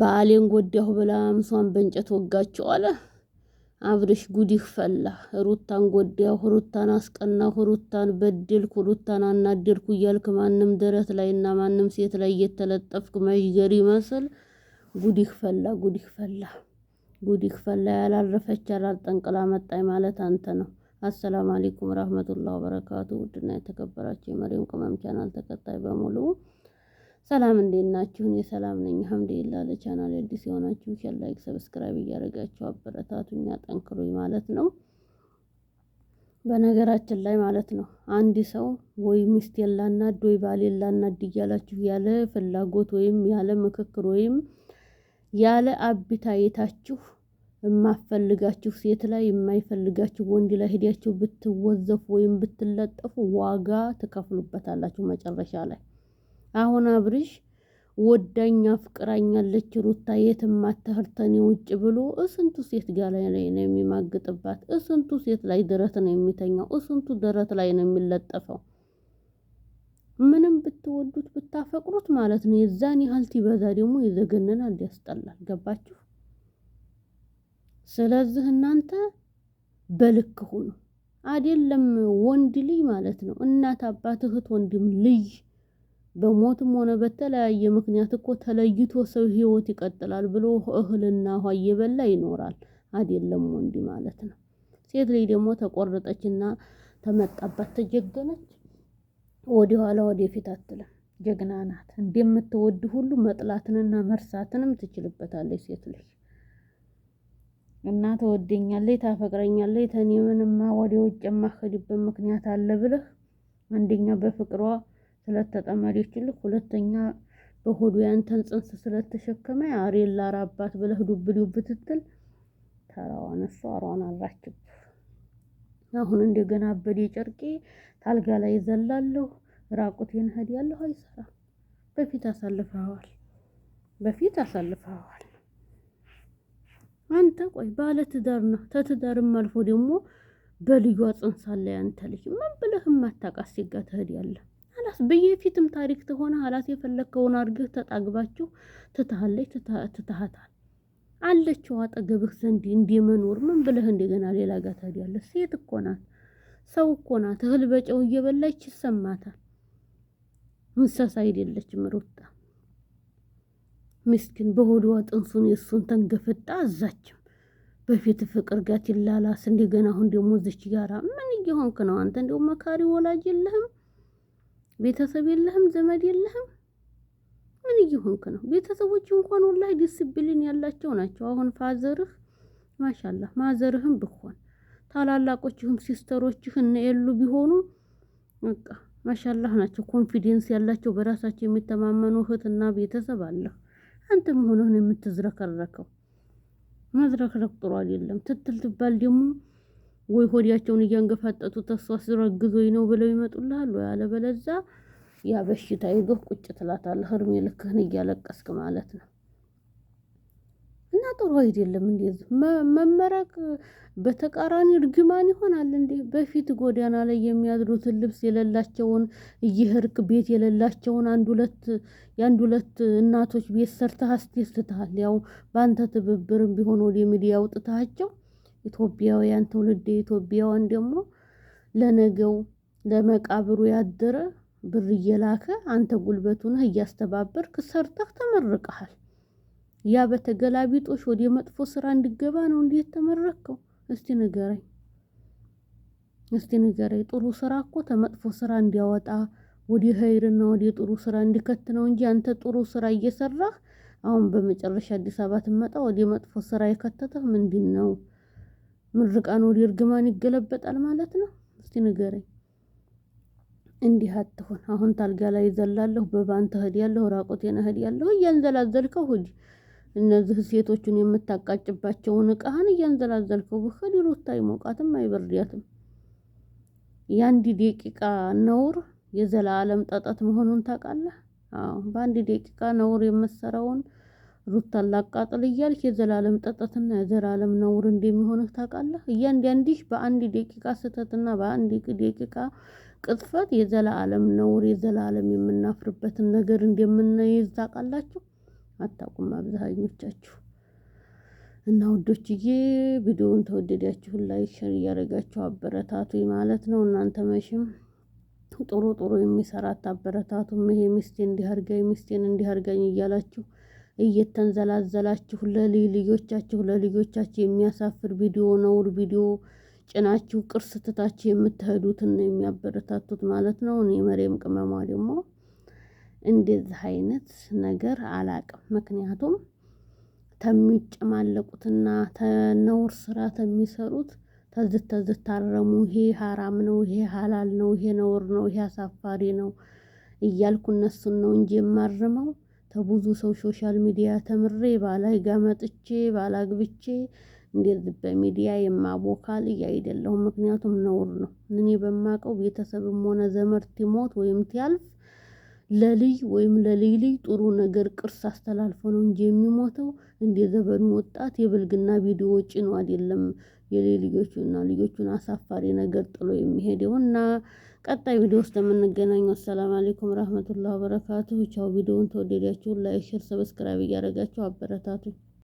ባሌን ጎዳሁ ብላ ምሷን በእንጨት ወጋቸው አለ አብርሽ። ጉዲህ ፈላ። ሩታን ጎዳሁ፣ ሩታን አስቀናሁ፣ ሩታን በድልኩ፣ ሩታን አናደድኩ እያልክ ማንም ደረት ላይ እና ማንም ሴት ላይ እየተለጠፍክ መዥገር ይመስል ጉዲህ ፈላ፣ ጉዲህ ፈላ፣ ጉዲህ ፈላ። ያላረፈች ያላልጠንቅላ መጣይ ማለት አንተ ነው። አሰላሙ አሌይኩም ረህመቱላህ ወበረካቱ። ውድና የተከበራችሁ የመሪም ቅመም ቻናል ተከታይ በሙሉ ሰላም እንዴት ናችሁ? እኔ ሰላም ነኝ አልሐምዱሊላህ። ለቻናል አዲስ የሆናችሁ ሼር፣ ላይክ፣ ሰብስክራይብ እያደረጋችሁ አበረታቱኝ፣ አጠንክሩኝ ማለት ነው። በነገራችን ላይ ማለት ነው አንድ ሰው ወይ ሚስት የላናድ ወይ ባል የላናድ እያላችሁ ያለ ፍላጎት ወይም ያለ ምክክር ወይም ያለ አብታይታችሁ የማፈልጋችሁ ሴት ላይ የማይፈልጋችሁ ወንድ ላይ ሄዳችሁ ብትወዘፉ ወይም ብትለጠፉ ዋጋ ትከፍሉበታላችሁ መጨረሻ ላይ አሁን አብርሽ ወዳኝ አፍቅራኛለች ሩታ የትም አታህል ውጭ ብሎ እስንቱ ሴት ጋር ላይ ነው የሚማግጥባት፣ እስንቱ ሴት ላይ ደረት ነው የሚተኛው፣ እስንቱ ደረት ላይ ነው የሚለጠፈው። ምንም ብትወዱት ብታፈቅሩት ማለት ነው የዛን ያህል ቲበዛ ደግሞ ይዘገነናል፣ ያስጠላል። ገባችሁ? ስለዚህ እናንተ በልክ ሁኑ። አይደለም ወንድ ልጅ ማለት ነው እናት አባት፣ እህት፣ ወንድም ልጅ በሞትም ሆነ በተለያየ ምክንያት እኮ ተለይቶ ሰው ህይወት ይቀጥላል ብሎ እህልና ውሃ እየበላ ይኖራል አይደለም ወንድ ማለት ነው። ሴት ልጅ ደግሞ ተቆረጠችና ተመጣባት ተጀገነች ወደኋላ ወደፊት አትልም ጀግና ናት። እንደምትወድ ሁሉ መጥላትንና መርሳትንም ትችልበታለች ሴት ልጅ እና ትወደኛለች፣ ታፈቅረኛለች ተኔ ምንማ ወደ ውጭ የማትሄድበት ምክንያት አለ ብለህ አንደኛ በፍቅሯ ሁለት ስለተጠመደች ልክ ሁለተኛ በሆዱ ያንተን ጽንስ ስለተሸከመ አሬላ ራባት ብለህ ዱብ ዱብ ትትል ተራዋን እሷ አሯን አላችብ። አሁን እንደገና አበዴ ጨርቄ ታልጋ ላይ ራቁት ራቁቴን እሄዳለሁ። አይሰራ። በፊት አሳልፈዋል፣ በፊት አሳልፈዋል። አንተ ቆይ ባለ ትዳር ነው። ተትዳርም አልፎ ደግሞ በልጇ ጽንስ አለ ያንተ ልጅ ምን ብለህ ማታቃስ ሲጋ ያለህ ሀላስ በየፊትም ታሪክ ተሆነ ሀላስ የፈለግከውን አድርገህ ተጣግባችሁ ትታሃለች ትታሃታል አለችው አጠገብህ ዘንድ እንዲመኖር ምን ብለህ እንደገና ሌላ ጋር ታዲያለህ? ሴት እኮ ናት፣ ሰው እኮ ናት። እህል በጨው እየበላች ይሰማታል። እንስሳ አይደለችም። ሩጣ ምስኪን በሆድዋ ጥንሱን የእሱን ተንገፍጣ አዛችም በፊት ፍቅር ጋር ትላላስ እንደገና አሁን ደግሞ ዝች ጋራ ምን እየሆንክ ነው አንተ? እንደው መካሪ ወላጅ የለህም። ቤተሰብ የለህም፣ ዘመድ የለህም። ምን እየሆንክ ነው? ቤተሰቦች እንኳን ወላሂ ዲስፕሊን ያላቸው ናቸው። አሁን ፋዘርህ ማሻላህ ማዘርህም ብኮን ታላላቆችህም ሲስተሮችህ እነ የሉ ቢሆኑ በቃ ማሻላህ ናቸው። ኮንፊደንስ ያላቸው በራሳቸው የሚተማመኑ እህትና ቤተሰብ አለ። አንተ መሆንህን የምትዝረከረከው መዝረክረክ ጥሩ አይደለም። ትትል ትባል ደግሞ ወይ ሆዲያቸውን እያንገፋጠጡ ተስፋ ስረግዞኝ ነው ብለው ይመጡልሃሉ። በለዛ ያ በሽታ ይዞህ ቁጭ ትላታለህ፣ እድሜ ልክህን እያለቀስክ ማለት ነው። እና ጥሩ አይደለም። እንዴ መመረቅ በተቃራኒ እርግማን ይሆናል እንዴ? በፊት ጎዳና ላይ የሚያድሩትን ልብስ የሌላቸውን እየህርክ ቤት የሌላቸውን አንድ ሁለት የአንድ ሁለት እናቶች ቤት ሰርተህ አስደስትሃል። ያው በአንተ ትብብርም ቢሆን ወደ ሚዲያ አውጥታቸው ኢትዮጵያውያን ትውልድ የኢትዮጵያውያን ደግሞ ለነገው ለመቃብሩ ያደረ ብር እየላከ አንተ ጉልበቱን እያስተባበርክ ሰርተህ ተመርቀሃል። ያ በተገላቢጦሽ ወደ መጥፎ ስራ እንዲገባ ነው እንዴ ተመረከው እስቲ ንገረኝ፣ እስቲ ንገረኝ። ጥሩ ስራ እኮ ተመጥፎ ስራ እንዲያወጣ ወደ ኸይርና ወደ ጥሩ ስራ እንዲከት ነው እንጂ አንተ ጥሩ ስራ እየሰራህ አሁን በመጨረሻ አዲስ አበባ ትመጣ ወደ መጥፎ ስራ የከተተህ ምንድን ነው? ምርቃን ወደ እርግማን ይገለበጣል ማለት ነው። እስቲ ንገረኝ። እንዲህ አትሆን። አሁን ታልጋ ላይ ዘላለሁ፣ በባንተ እሄዳለሁ፣ ራቆቴን እሄዳለሁ እያንዘላዘልከው ሂድ። እነዚህ ሴቶቹን የምታቃጭባቸውን እቃህን እያንዘላዘልከው ብትሄድ ሩታ አይሞቃትም፣ አይበርዳትም። የአንድ ደቂቃ ነውር የዘላለም ጠጠት መሆኑን ታውቃለህ። አዎ በአንድ ደቂቃ ነውር የምትሰራውን ሩታን ላቃጥል እያልሽ የዘላለም ጠጠትና የዘላለም ነውር እንደሚሆንህ ታውቃለህ። እያንዳንዲህ በአንድ ደቂቃ ስህተትና በአንድ ደቂቃ ቅጥፈት የዘላለም ነውር የዘላለም የምናፍርበትን ነገር እንደምንይዝ ታውቃላችሁ። አታውቁም አብዛኞቻችሁ። እና ውዶችዬ ቪዲዮውን ተወደዳችሁን ላይክ፣ ሸር እያደረጋችሁ አበረታቱ ማለት ነው። እናንተ መሽም ጥሩ ጥሩ የሚሰራት አታበረታቱም። ይሄ ሚስቴን እንዲህ አድርጋኝ፣ ሚስቴን እንዲህ አርጋኝ እያላችሁ እየተንዘላዘላችሁ ለልጆቻችሁ ለልጆቻችሁ የሚያሳፍር ቪዲዮ ነውር ቪዲዮ ጭናችሁ ቅርስ ትታችሁ የምትሄዱትን ነው የሚያበረታቱት ማለት ነው። እኔ መሬም ቅመሟ ደግሞ እንደዚህ አይነት ነገር አላቅም። ምክንያቱም ተሚጨማለቁትና ተነውር ስራ ተሚሰሩት ተዝት ተዝት ታረሙ። ይሄ ሀራም ነው፣ ይሄ ሀላል ነው፣ ይሄ ነውር ነው፣ ይሄ አሳፋሪ ነው እያልኩ እነሱን ነው እንጂ የማርመው ከብዙ ሰው ሶሻል ሚዲያ ተምሬ ባላይ ጋር መጥቼ ባል አግብቼ በሚዲያ የማቦካል ልጅ ምክንያቱም ነውር ነው። እኔ በማቀው ቤተሰብም ሆነ ዘመድ ቲሞት ወይም ቲያልፍ ለልይ ወይም ለልይ ልይ ጥሩ ነገር ቅርስ አስተላልፎ ነው እንጂ የሚሞተው እንደ ዘበኑ ወጣት የብልግና ቪዲዮ ጭኖ አይደለም። የሌ ልጆቹና ልጆቹን አሳፋሪ ነገር ጥሎ የሚሄደው እና ቀጣይ ቪዲዮ ውስጥ የምንገናኘው። አሰላም አሌይኩም ረህመቱላህ በረካቱ። ቻው። ቪዲዮውን ተወደዳችሁን ላይክ፣ ሼር፣ ሰብስክራይብ እያደረጋችሁ አበረታቱ።